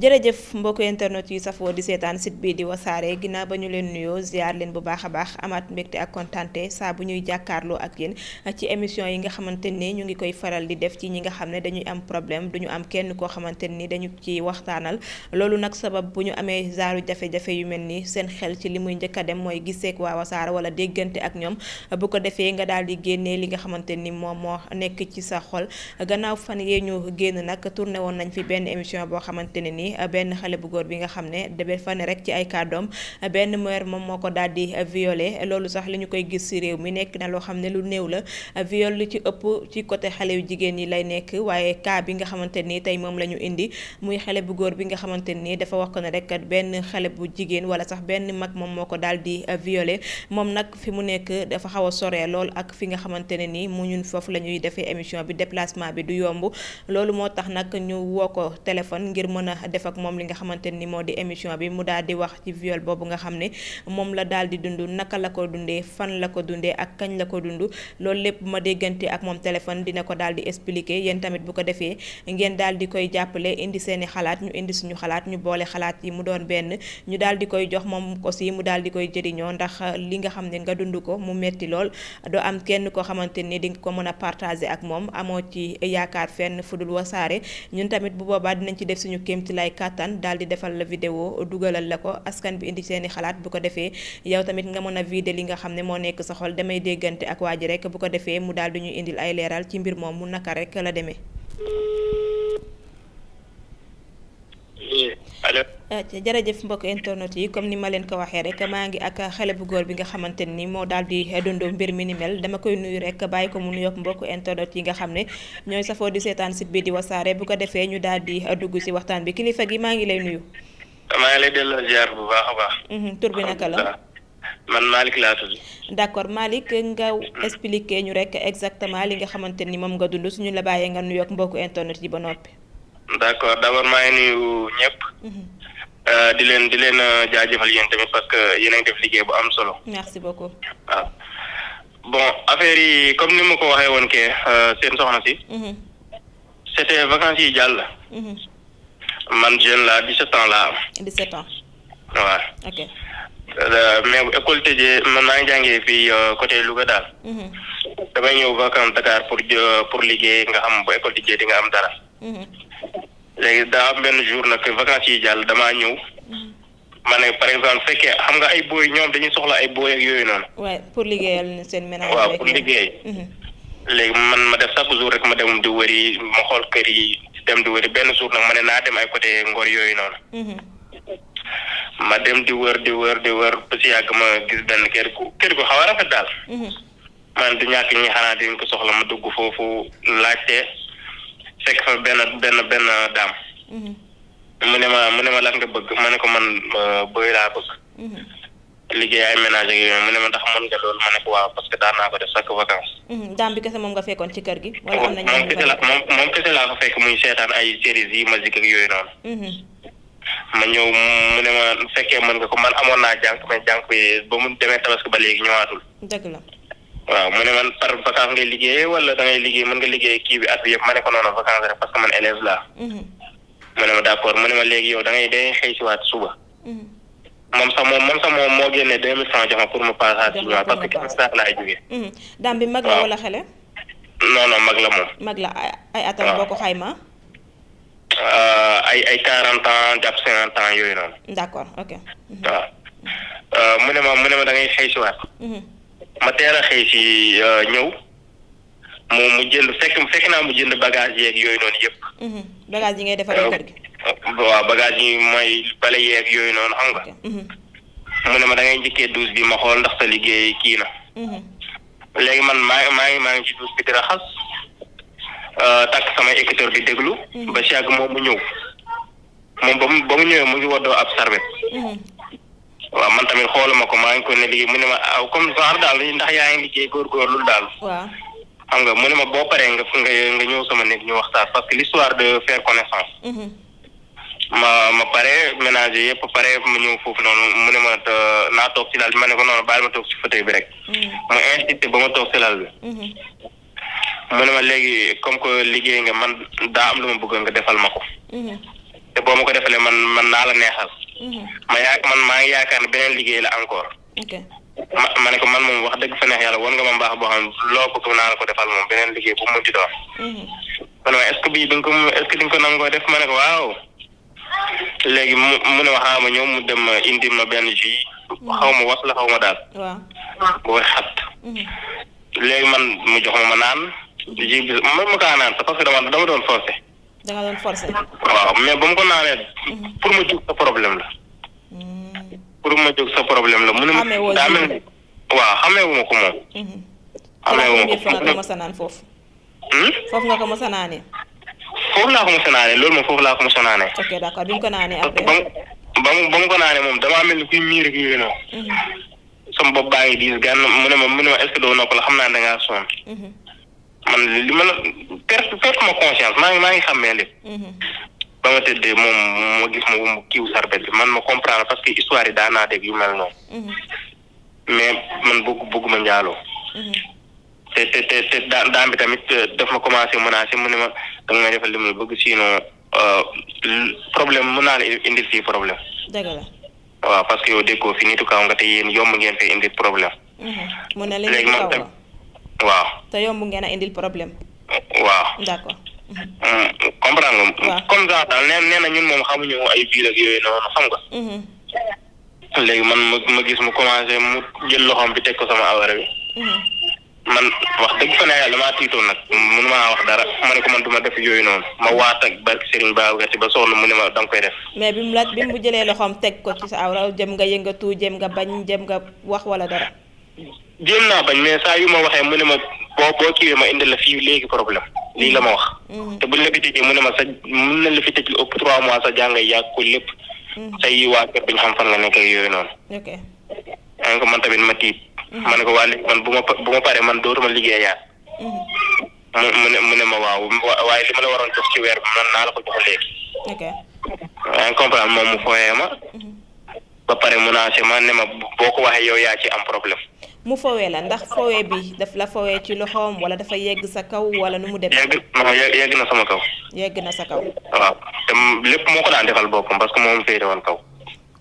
jërëjëf mbokku internet yu safoo di seetaan site bii di wasaare ginnaaw ba ñu leen nuyoo ziar leen bu baax a baax amaat mbégte ak kontante saa bu ñuy jàkkaarloo ak yéen ci émission yi nga xamante ni ñu ngi koy faral di def ci ñi nga xam ne dañuy am problème duñu am kenn koo xamante ni dañu ci waxtaanal loolu nag sabab bu ñu amee zaaru jafe-jafe yu mel ni seen xel ci li muy njëkk a dem mooy giseek waa wasaare wala déggante ak ñoom bu ko defee nga daal di génnee li nga xamante ni moom moo nekk ci sa xol gannaaw fan yee ñu génn nag tourné woon nañ fi benn émission boo xamante ne ni ni benn xale bu góor bi nga xam ne dabe fane rek ci ay kàddoom benn mère moom moo ko daal di violé loolu sax li ñu koy gis ci réew mi nekk na loo xam ne lu néew la viol li ci ëpp ci côté xale yu jigéen yi lay nekk waaye cas bi nga xamante ni tey moom la ñu indi muy xale bu góor bi nga xamante ni dafa wax ko ne rek benn xale bu jigéen wala sax benn mag moom moo ko daal di violé moom nag fi mu nekk dafa xaw a soree lool ak fi nga xamante ne ni mu ñun foofu la ñuy defee émission bi déplacement bi du yomb loolu moo tax nag ñu woo ko téléphone ngir mën a def ak moom li nga xamante ni moo di émission bi mu daal di wax ci viol boobu nga xam ne moom la daal di dund naka la ko dundee fan la ko dundee ak kañ la ko dund loolu lépp ma déggante ak moom téléphone dina ko daal di expliquer yéen tamit bu ko defee ngeen daal di koy jàppale indi seeni xalaat ñu indi suñu xalaat ñu boole xalaat yi mu doon benn ñu dal di koy jox moom ko si mu daal di koy jëriñoo ndax li nga xam ne nga dund ko mu metti lool doo am kenn koo xamante ni di nga ko mën a partager ak moom amoo ci yaakaar fenn fudul wasaare ñun tamit bu boobaa dinañ ci def suñu kéem lay kéemtalaay kàttan daal di defal la vidéo dugalal la ko askan bi indi seeni xalaat bu ko defee yow tamit nga mën a vider li nga xam ne moo nekk sa xol damay déggante ak waa ji rek bu ko defee mu daal di ñu indil ay leeral ci mbir moom mu naka rek la demee Eh, jërëjëf mbokk internet yi comme ni ma leen ko waxee rek maa ngi ak xale bu góor bi nga xamante ni moo daal di dundoo mbir mi dama koy nuyu rek bàyyi ko mu nuyoog mbokk internet yi nga xam ne ñooy safoo di seetaan site bi di wasaare bu ko defee ñu daal di dugg si waxtaan bi kilifa gi maa ngi lay nuyu. Mm-hmm. bi naka la. man Malick laa nga expliqué ñu rek exactement li nga xamante ni moom nga dund suñu la bàyyee nga nuyoog mbokk internet yi ba noppi. d'accord d'abord maa ngi nuyu ñëpp. Mm-hmm. Euh, di leen di leen euh, jaajëfal yéen tamit parce que yéen a ngi def liggéey bu am solo. merci beaucoup. waaw bon affaire yi comme ni ma ko waxee woon kee euh, seen soxna si. Mhm. c'était vacances yi jàll. Mhm. man jeune laa 17 ans laa am. 17 ans. waaw. ok mais école tëjee man maa ngi jàngee fii côté Louga daal. Mhm. damay ñëw vacances Dakar pour pour liggéey nga xam ba école tëjee di am dara. léegi daa benn jour nag vacances yi jàll damaa ñëw. ma ne par exemple fekkee xam nga ay booy ñoom dañuy soxla ay booy yooyu noonu. waaw pour liggéey. Mhm. léegi man ma def chaque jour rek ma dem di wër wëri ma xool kër yi dem di wëri benn jour nag ma ne naa dem ay côté Ngor yooyu noonu. Mhm. ma dem di wër di wër di wër ba si yàgg ma gis benn kër gu kër gu xaw a rafet daal. Mhm. man du ñàkk ñi xanaa di ko soxla ma dugg foofu laajte. fekk fa benn benn benn daam. Mhm. mu ne ma mu ne ma lan nga bëgg ma ne ko man bëy laa bëgg. Mhm. liggéey ay ménage yooyu mu ne ma ndax mën nga loolu ma ne ko waaw parce que daan naa ko def chaque vacance. Mhm. daam bi nga fekkoon ci kër gi. moom kese la moom moom kese laa ko fekk muy seetaan ay séries yi musique ak yooyu noonu. ma ñëw mu ne ma fekkee mën nga ko man amoon naa jànk mais jànk bi ba mu demee tabaski ba léegi ñëwaatul. dëgg waaw mu ne man par vacance ngay liggéey wala da ngay liggéey mën nga liggéey kii bi at bi yëpp ma ne ko noonu vacance rek parce que man élève laa. Mhm. mu ne ma d'accord mu ne ma léegi yow da ngay day xëy si waat suba. Mhm. moom sax moom moom sax moom moo génnee deux mille francs jox ma pour ma passage bi waaw parce que quinze sax laay jógee. Mhm. daam bi mag la wala xale. non mag la moom. mag la ay atam boo ko xayma. Euh, ay ay quarante ans jàpp cinquante ans yooyu noonu. d'accord euh, mu mu da ngay xëy ma teel a xëy si euh, ñëw mu mu jënd fekk fekk naa mu jënd bagage yeeg yooyu noonu yëpp. Mm-hmm. bagage yi ngay defaree euh, kër gi. Euh, waaw bagage yi mooy bale yeeg yooyu noonu xam nga. Mm-hmm. mu ne ma dangay njëkkee douche bi ma xool ndax liggéey kii na. Mm-hmm. léegi man maa maa ngi maa ngi ci douche bi di raxas takk samay écouteur di déglu. ba si yàgg moom mu ñëw moom ba mu ba mu ñëwee mu ngi waddoo ab sarbet waaw man tamit xooluma ko maa ngi ko ne liggéey mu ne ma aw ah, comme genre daal ndax yaa ngi liggéey góorgóorlu daal. xam nga mu ne ma boo paree nga nga nga ñëw sama néeg ñu waxtaan parce que l'histoire de faire connaissance. Mm-hmm. ma ma pare ménager yëpp pare ma ñëw foofu noonu mu ne ma naa toog ci lal bi ma ne ko noonu baal ma toog ci fauteuil bi rek. mu mm-hmm. insisté ba ma toog ci laal bi. Mm-hmm. mu ne ma léegi comme que liggéey nga man daa am lu ma bëgg nga defal ma ko. boo ma ko defalee man man naa la neexal. ma yaa man maa ngi yaakaar ne beneen liggéey la encore. ma ma ne ko man moom wax dëgg fa neex yàlla woon nga ma mbaax boo xam ne loo bëgg naa la ko defal moom beneen liggéey bu mu munti doon. Mhm. ma ne ma est-ce que bii di nga ko est-ce que di nga ko nangoo def ma ne ko waaw. léegi mu mu ne waxaa ma ñëw mu dem indi ma benn jus mhm. xaw ma was la xaw ma daal. bu koy xat. Mhm. léegi man mu jox ma ma naan ji bi ma ma kaa naan parce que dama dama da nga doon forcé. waaw mais ba mu ko naanee. Mhm. pour ma jóg sa problème la. Mhm. pour ma jóg sa problème la. xamee woo ma ko moom. Mhm. xamee a hmm? a naanee. foofu laa a naanee a naanee. ok d'accord mu ko ngi mu ne ma mu ne ma est xam naa da ngaa sonn. man li ma la perte perte ma conscience maa ngi maa ngi xàmmee lépp. Mhm. ba ma tëddee moom moo gis ma kiiw sarbet bi man ma comprendre parce que histoire yi daan yu mel noonu. Mhm. mais man bëgg ma njaaloo. Mhm. te te te te daan daan bi tamit euh, daf ma commencé menacé mu ne ma da ma may defal li mu bëgg sinon euh, problème mun naa la indil fii problème. dëgg la. waaw parce que yow déggoo fi nitu kaw nga te yéen yomb ngeen fee indil problème. mu ne tamit. waaw te yomb ngeen a indil problème. waaw d'accord. Mm, comprendre nga. comme ça daal nee nee na ñun moom xamuñu ay biir ak yooyu noonu xam nga. Mm-hmm. léegi man ma gis mu commencé mu jël loxoom bi teg ko sama awara bi. Mm-hmm. man wax dëgg fa ne yàlla maa tiitoo nag mënu maa wax dara ma ne ko man duma def yooyu noonu ma waat ak barki Serigne Babacar Sy ba sonn mu ne ma danga koy def. mais bi mu la bi mu jëlee loxoom teg ko ci sa awra jëm nga yëngatu jëm nga bañ jëm nga wax wala dara. jéem naa bañ mais saa yu ma waxee mu ne ma boo boo kiiwee ma indil la fii léegi problème lii la ma wax. Mm-hmm. te bu la fi mu ne ma sa mun na la fi tëj lu ëpp mois sa jàngay yàgg ko lépp. Mm-hmm. say waa kër xam fan nga nekk yooyu man tamit ma tiit. Mm-hmm. ma ne ko waa léegi bu ma bu ma paree man dootuma liggéeyaat. mu mu ne mu ne ma waaw waaye li ma la waroon jox ci weer bi man naa la ko jox léegi. ok yaa moom mu fooyee ma. ba pare mun menacé ma ne ma boo ko waxee yow yaa ci am problème. mu fowee la ndax fowee bi daf la fowee ci loxoom wala dafa yegg sa kaw wala nu mu demee. yegg non yegg na sama kaw. yegg na sa kaw. waaw te lépp moo ko daan defal boppam parce que moom woon kaw.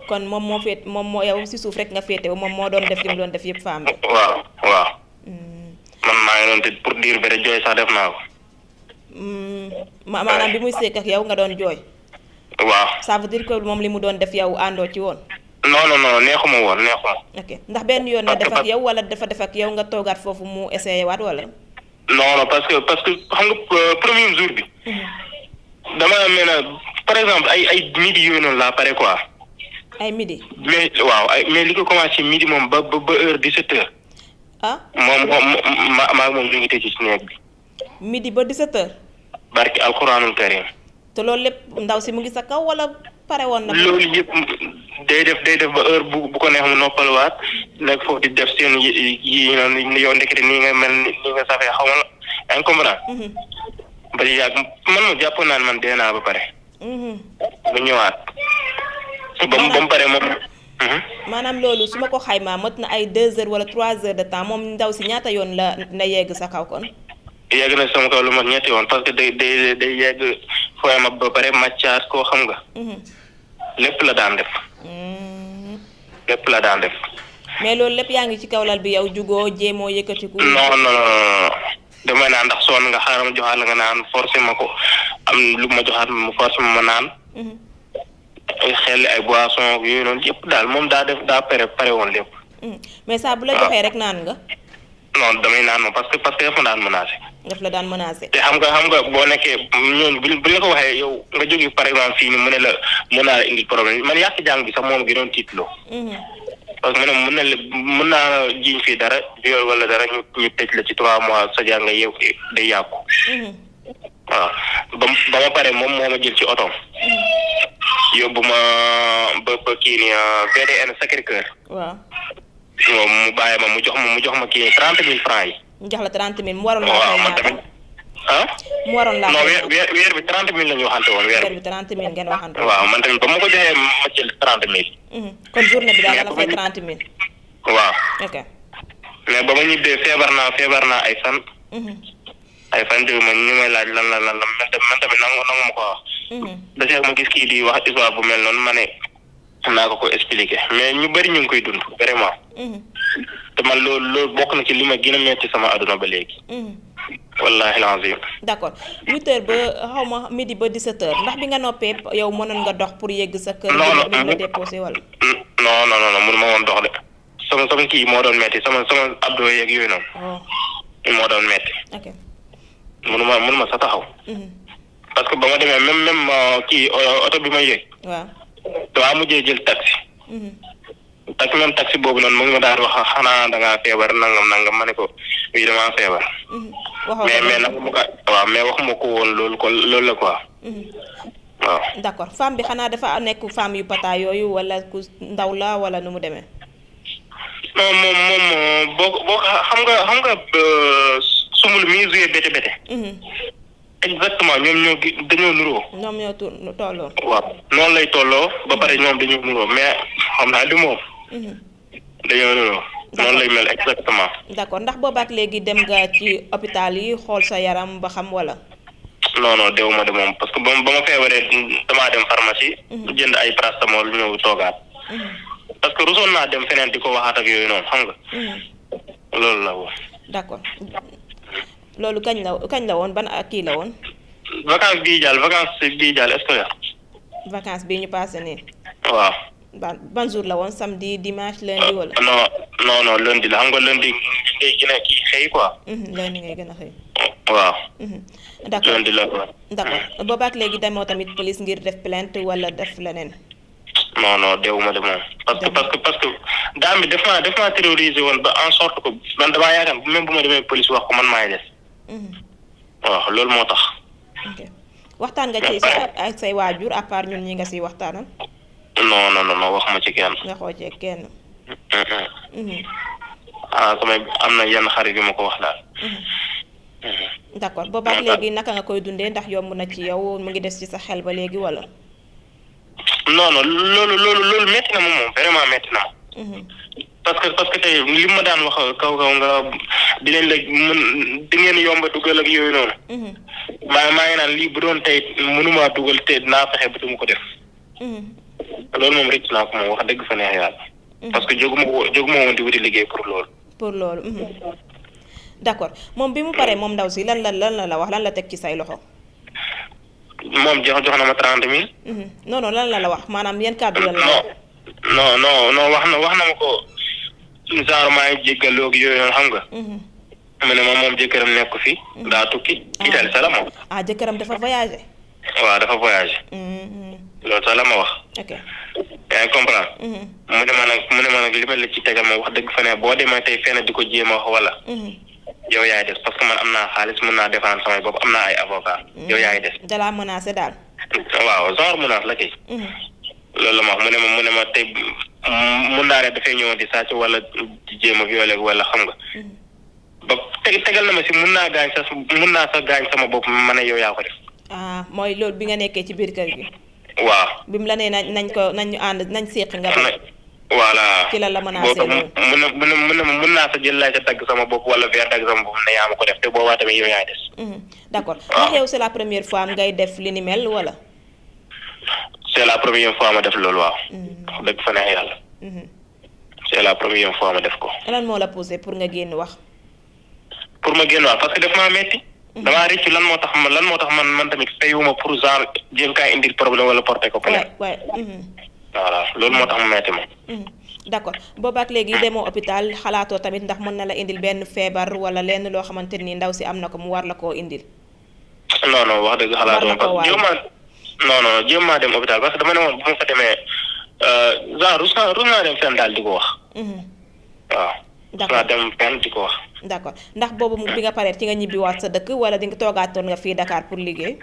kon moom moo féet moom moo yow si suuf rek nga feete moom moo doon def mu doon def yëpp femme bi. waaw waaw. Hmm. man maa ngi doon te pour hmm, bi muy seek ak yow nga doon jooy. waaw ça veut dire moom li mu doon def yow àndoo ci woon. non non neexuma woon neexuma. ok ndax benn yoon la def ak yow wala dafa def ak yow nga toogaat foofu mu essayé waat wala. non non parce que parce que xam nga euh, premier jour bi. Mhm. dama mel na par exemple ay ay midi yooyu noonu laa pare quoi. ay midi. mais waaw ay mais li ko commencé midi moom ba ba heure 17 heures. ah moom moom ma maa moom ñu ngi tëj ci néeg bi. midi ba 17 heures. barki alxuraanul karim. te loolu lépp ndaw si mu ngi sa kaw wala. pare woon na. loolu yëpp day def day def ba heure bu bu ko neex mu noppaluwaat nekk foofu def seen yi yi yi yow ndekete nii nga mel nii nga safee xaw ma la incomprendre. Mhm. ba di yàgg man ma jàppoon naan man dee naa ba pare. Mhm. mu ñëwaat. ba mu ba mu pare moom. Mhm. maanaam loolu su ma ko xaymaa mat na ay deux heures wala trois heures de temps moom ndaw si ñaata yoon la na yegg sa kaw kon. yegg na sama kaw lu ma ñetti yoon parce que day day day yegg fooy ma ba pare ma koo xam nga. lépp la daan def. Mm. lépp la daan def. mais loolu lépp yaa ngi ci kawlal bi yow jugoo jéemoo yëkkatiku. non non non damay naan ndax sonn nga xaaral ma joxaat la nga naan forcé ma ko am lu ma joxaat ma forcé ma ma naan. Mm-hmm. ay xel ay boissons yooyu noonu yëpp daal moom daa def daa pare pare woon lépp. Mm. mais saa bu la joxee rek naan nga. non damay naan moom parce que parce que daf ma daan menacé. daf la daan menacé. te xam nga xam nga boo nekkee ñooñu ko waxee yow nga jógee par exemple fii nii mu ne la mën naa la indi problème man yàq jàng bi sax moom gi doon tiitloo. Mhm. parce que na ne mën naa jiiñ fii dara viol wala dara ñu ñu tëj la ci trois mois sa jàng yow day yàqu. Mhm. waaw ba ba ma pare moom moo ma jël ci otoom. Mhm. yóbbu ma ba ba kii nii ah, VDN Sacré-Cœur. waaw. si moom mu bàyyi ma mu jox ma mu jox ma kii trente mille franc yi. mu jox la trente mille mu waroon laa fay ñaata waaw ah. mu waroon laa non weer weer bi trente mille la ñu waxante woon weer bi trente mille ngeen waxante waaw man tamit ba ma ko joxee mhm. ba ma ñibbee feebar naa feebar naa ay fan. Mhm. ay fan dégg ma ñu may laaj lan la lan la man tamit nangu nangu ma ko wax. Mhm. da ma gis kii di wax histoire bu mel noonu ma ne. naa ko ko expliqué mais ñu bëri ñu ngi koy dund vraiment. Mhm. te man loolu loolu bokk na ci li ma gën a metti sama àdduna ba léegi. Mhm. wallaahi lazim. d' accord huit heures ba xaw ma midi ba dix sept ndax bi nga noppee yow mënoon nga dox pour yegg sa kër. non non nga déposé wala. non non non mënu dox de sama sama kii moo doon metti sama sama abdoo yeeg yooyu noonu. Oh. moo doon metti. ok mënu ma mënu ma sa taxaw. Mhm. parce que ba ma demee même même euh, kii euh, oto bi ma yëg. waaw. waa mujjee jël taxi. Mhm. tax même taxi boobu noonu mu ngi ma daan wax xanaa da ngaa feebar nangam nangam ma ne ko oui damaa feebar. Mhm. mais mais nag ma ko waaw mais waxuma ko woon loolu ko loolu la ko mhm. waaw d'accord femme bi xanaa dafa nekk femme yu pata yooyu wala ku ndaw la wala nu mu demee. non moom moom boo boo xam nga xam nga euh, sumul mi ngi joué bete bete. exactement ñoom ñoo gi dañoo nuroo. ñoom ñoo tolloo. waaw noonu lay tolloo ba pare ñoom dañoo nuroo mais xam naa du moom. Mhm. dañoo nuroo. noonu lay mel exactement. d' accord ndax boobaak léegi dem nga ci hôpital yi xool sa yaram ba xam wala. non non ma de moom parce que ba ma ba ma feebaree damaa dem pharmacie. Mhm. jënd ay paracétamol ñëw toogaat. Mhm. parce que rusoon naa dem feneen di ko waxaat ak yooyu noonu xam nga. loolu la woon. d' loolu kañ la kañ la woon ban ak kii la woon. vacance bii jàll vacance bii jàll scolaire. vacance bii ñu passé nii. waaw. ban ban la woon samedi dimanche lundi wala. Ah, non non non la xam nga lundi ngay gën a kii xëy quoi. Mhm, lundi ngay gën a xëy. waaw. Mhm. d' accord la quoi. d' accord mhm. léegi demoo tamit police ngir def plainte wala def leneen. non non deewuma de moom. parce que parce que parce que daam bi daf woon ba en sorte que man damaa yaakaar même bu ma demee police wax ko waaw loolu moo tax. waxtaan nga ci ak say waajur à ñun ñi nga siy waxtaanal. non non non waxuma ci kenn. waxoo ci kenn. Mm-hmm. ah samay am na yenn xarit yu ma ko wax daal. Mm-hmm. Mm-hmm. d' accord booba ak léegi naka nga koy dundee ndax yomb na ci yow mu ngi des ci sa xel ba léegi wala. non non loolu loolu loolu métti na moom vraiment métti na ma. parce que parce li ma daan wax kaw kaw nga. dinañ la mën di ngeen yomb a ak yooyu noonu. Mhm. maa maa ngi naan lii bu doon tey mënumaa dugal te dinaa fexe ba du ko def. Mhm. loolu moom rëcc naa ko moom wax dëgg fa neex yàlla. Mhm. parce que jóguma woo jóguma woon di wuti pour loolu. pour loolu. d'accord moom bi mu paree moom ndaw si lan la lan la la wax lan la teg ci say loxo. moom jox jox na ma trente mille. non lan la la wax maanaam yan kàddu lan la. non non wax na wax na ma ko. genre maa ngi jéggaloo ak yooyu noonu xam nga. mu ne moom moom jëkkëram nekk fi. Mm. daa tukki. Ah. Italie sax la ma wax. ah jëkkëram dafa voyagé. waaw dafa voyagé. Mm-hmm. loolu sax la ma wax. ok yaa ngi mm-hmm. mu ne ma nag mu ne ma nag li ma la ci tegal wax dëgg fa ne boo demee tey fenn di ko jéem a wax wala. Mm-hmm. yow yaay des parce que man am naa xaalis mën naa défendre samay bopp am naa ay avocat yow yaay des. da laa menacé daal. waaw genre menace la kay. loolu la ma wax mu ne ma mu ne ma tey mm, mun naa ne dafay ñëwoon di sàcc wala di a violer ba te tegal na ma si mun naa gaañ sa mun naa sa gaañ sama bopp ma ne yow yaa ko def. Ah, mooy loolu bi nga nekkee ci biir kër gi. waaw bi mu la nee nañ nañ ko nañ ñu ànd nañ seq nga. voilà ci la la menacé boo ma ko def te boobaa tamit yow yaa des. Mhm. d' accord ah. la première fois ngay def li ni mel wala. c' la première fois ma def loolu waaw. Mhm. wax dëgg fa neex yàlla. Mhm. c' la première fois a def ko. lan moo la poussé pour nga génn wax. pour ma génn waat parce que daf maa metti mhm. damaa rëccu lan moo tax man lan moo tax man man tamit fayuma pour genre jéem kaa indil problème wala porté ko plainte. waay waay. voilà loolu moo tax mu metti ma. Mhm. d'accord boobaak léegi ah. demoo hôpital xalaatoo tamit ndax mën na la indil benn feebar wala lenn loo xamante ni ndaw si am na ko mu war la koo indil. non wax dëgg xalaatuma parce que jéemaa non non jéemaa dem hôpital parce que dama ne woon bu ma fa demee euh, genre rus naa rus naa dem fenn daal di ko wax. Mhm. waaw. d'accord di ko wax. d'accord ndax boobu bi nga paree ci nga ñibbiwaat sa dëkk wala di nga toogaatoon nga fii Dakar pour liggéey.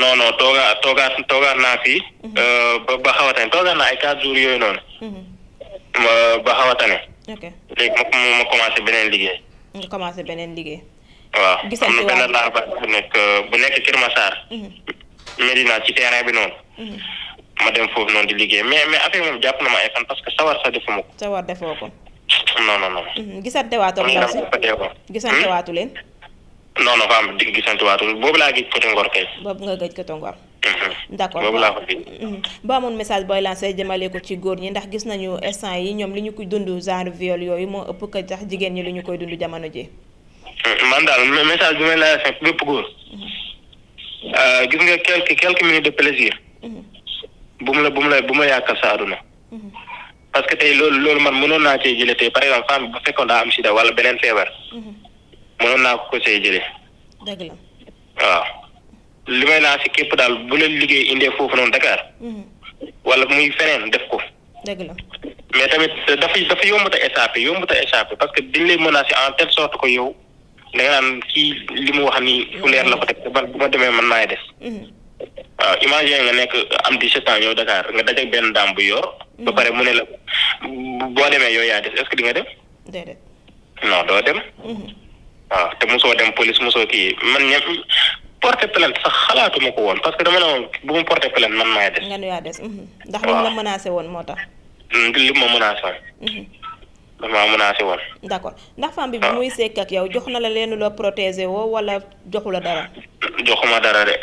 non non toogaa toogaat toogaat naa fii. Mhm. Euh, ba ba xaw a tane toogaat naa ay quatre jours yooyu noonu. Mhm. ba xaw a tane. ok léegi ma ma commencé beneen liggéey. nga commencé beneen liggéey. waaw gisal ci benn laar ba bu bu nekk Kër Massar. Mhm. Medina ci terrain bi noonu. ma dem foofu noonu di liggéey mais mais affaire moom jàpp na ma ay fan parce que sawar sax defuma ko. sawar defoo ko. non non non. gisante waatoo waatu leen. non non femme boobu laa gëj côté Ngor kay. boobu nga gëj côté Ngor. Hmm, hmm. d'accord boobu laa ko fi. Hmm. ba message booy lancé jëmale ko ci góor ñi ndax gis nañu instant yi ñoom li ñu koy dund genre viol yooyu moo ëpp ko jigéen ñi li ñu koy dundu jamono ji. man daal message bi may lancé bépp góor. Euh, gis nga quelques quelques minutes de plaisir. bu mu la bu mu la bu mu la yàqal sa parce que tey loolu loolu man mënoon naa cee jëlee tey par exemple femme bi bu fekkoon daa am sida wala beneen feebar. Mhm. mënoon naa ko ko see jëlee. dëgg la waaw li may naa si képp daal bu leen liggéey indee foofu noonu Dakar. Mhm. wala muy feneen def ko. dëgg la mais tamit dafa dafa yombut a échappé yombut a échappé parce que dañ lay menacé en telle sorte que yow da nga naan kii li mu wax ni fu leer la ko teg man bu ma demee man maay des. Mhm. waaw imagine nga nekk am 17 ans yow Dakar nga boo demee yooyu yaa des est-ce que di nga dem. déedéet. doo dem. waaw mhm. ah, te mosoo dem police mosoo kii man ñëpp porter plainte sax xalaatuma ko woon parce que dama ne woon bu mu porter plainte man maay des. nga yaa des. Mhm. ndax moom la menacé woon moo tax. Mm, li ma menacé woon. damaa mhm. menacé woon. d'accord ndax femme bi. bi ah. muy sekk ak yow jox na la leen loo protéger woo wala joxu la dara. joxuma dara de.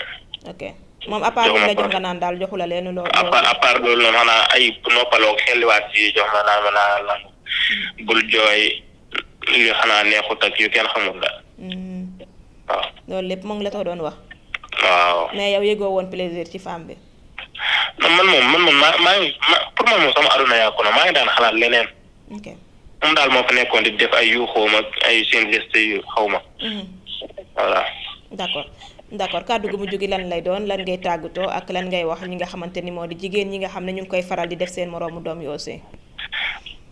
ok. moom à part la jox nga naan daal joxu la leen loolu. à part à part loolu noonu xanaa ay noppaloo xelliwaat yi jox ma naan ma naan la hmm. bul jooy yu xanaa neexut ak yu kenn xamul la. Hmm. waaw loolu lépp moom la ko doon wax. waaw mais yow yëgoo woon plaisir ci femme bi. man moom man moom maa maa ngi pour moom sama aduna yàqu na maa ngi daan xalaat leneen. ok moom daal moo fa nekkoon di def ay yuuxoom ay seen yu xaw ma. Hmm. voilà. d'accord. d'accord kàddu gu mujj gi lan lay doon lan ngay tàggatoo ak lan ngay wax ñi nga xamante ni moo di jigéen ñi nga xam ne ñu ngi koy faral di def seen moroomu doom yi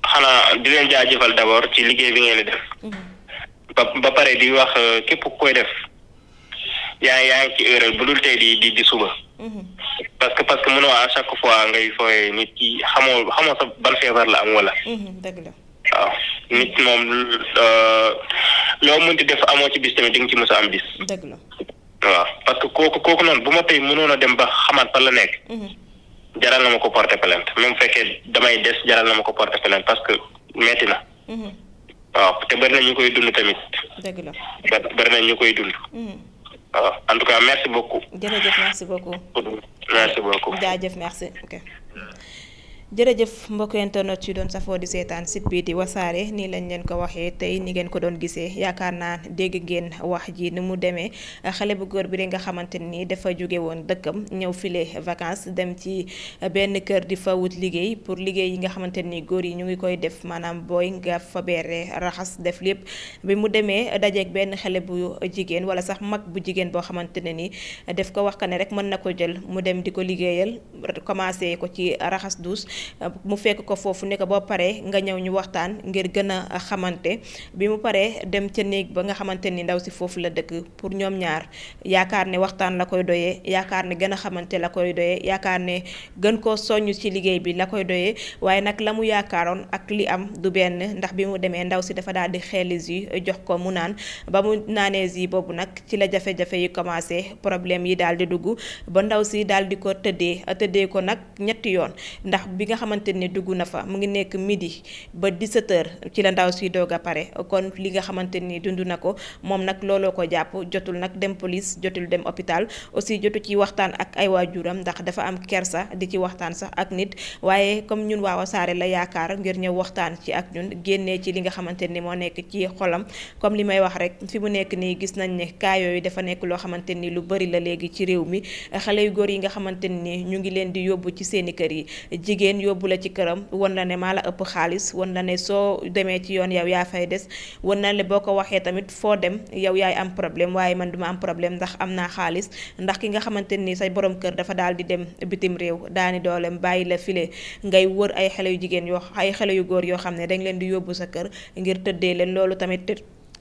xanaa di leen jaajëfal d'abord ci liggéey bi ngeen di def. Mhm. ba pare di wax euh, képp ku koy def. yaa ngi bu dul tey di di di suba. Mhm. parce que parce que mënoo à nit ki xamoo xamoo sa ban feebar la am wala. Mhm, dëgg la waaw nit moom euh, loo mënti def amoo ci bis di nga ci mës am bis. dëgg la. waaw parce que kooku kooku noonu bu ma tey mënoon a dem ba xamaat fa la nekk. Mhm. jaral na ma ko porter plainte même fekkee damay des jaral na ma ko porter plainte parce que metti na. Mhm. waaw te bari na ñu koy dund tamit. dëgg la bari na ñu koy dund. Mhm. waaw en tout cas merci beaucoup. merci beaucoup. merci beaucoup. merci ok. jërëjëf mbokk internet ci doon safoo di seetaan site bii di wasaare nii lañ leen ko waxee tey ni ngeen ko doon gisee yaakaar naa dégg ngeen wax ji ni mu demee xale bu góor bi di nga xamante nii dafa jóge woon dëkkam ñëw file vacance dem ci benn kër di fa wut liggéey pour liggéey yi nga xamante nii góor yi ñu ngi koy def maanaam booy nga fa raxas def yépp bi mu demee dajeeg benn xale bu jigéen wala sax mag bu jigéen boo xamante ne ni def ko wax ka ne rek mën na ko jël mu dem di ko liggéeyal ko ci raxas douche mu fekk ko foofu nekk ko boo paree nga ñëw ñu waxtaan ngir gën a xamante bi mu paree dem ca néeg ba nga xamante ni ndaw si foofu la dëkk pour ñoom ñaar yaakaar ne waxtaan la koy doyee yaakaar ne gën a xamante la koy doyee yaakaar ne gën koo soññ ci liggéey bi la koy doyee waaye nag la mu yaakaaroon ak li am du benn ndax bi mu demee ndaw si dafa daal di xeelis yi jox ko mu naan ba mu naanees si boobu nag ci la jafe-jafe yi commencé problème yi daal di dugg ba ndaw si daal di ko tëddee tëddee ko nag ñetti yoon nga xamante ne dugg na fa mu ngi nekk midi ba 17h ci la ndaw si doog a pare kon li nga xamante ni dund na ko moom nag looloo ko jàpp jotul nag dem police jotul dem hôpital aussi jotu ci waxtaan ak ay waajuram ndax dafa am kersa di ci waxtaan sax ak nit waaye comme ñun waa Wassare la yaakaar ngir ñëw waxtaan ci ak ñun génnee ci li nga xamante ni moo nekk ci xolam comme li may wax rek fi mu nekk nii gis nañ ne cas yooyu dafa nekk loo xamante ni lu bëri la léegi ci réew mi xale yu góor yi nga xamante ni ñu ngi leen di yóbbu ci seeni kër yi jigéen ngeen yóbbu la ci këram wan la ne maa la ëpp xaalis wan la ne soo demee ci yoon yow yaa fay des wan la ne boo ko waxee tamit foo dem yow yaay am problème waaye man duma am problème ndax am naa xaalis ndax ki nga xamante ni say borom kër dafa daal di dem bitim réew daani doolem bàyyi la file ngay wër ay xale yu jigéen yoo ay xale yu góor yoo xam ne dañ leen di yóbbu sa kër ngir tëddee leen loolu tamit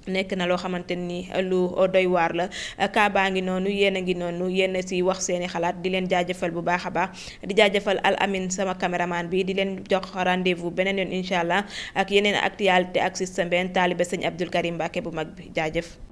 nekk na loo xamante ni lu doy waar la kaa baa ngi noonu yéen a ngi noonu yéen a wax seeni xalaat di leen jaajëfal bu baax a baax di jaajëfal Al Amin sama caméraman bi di leen jox rendez-vous beneen yoon incha allah ak yeneen actualité ak système benn taalibe sëñ Abdou Karim Mbacké bu mag bi jaajëf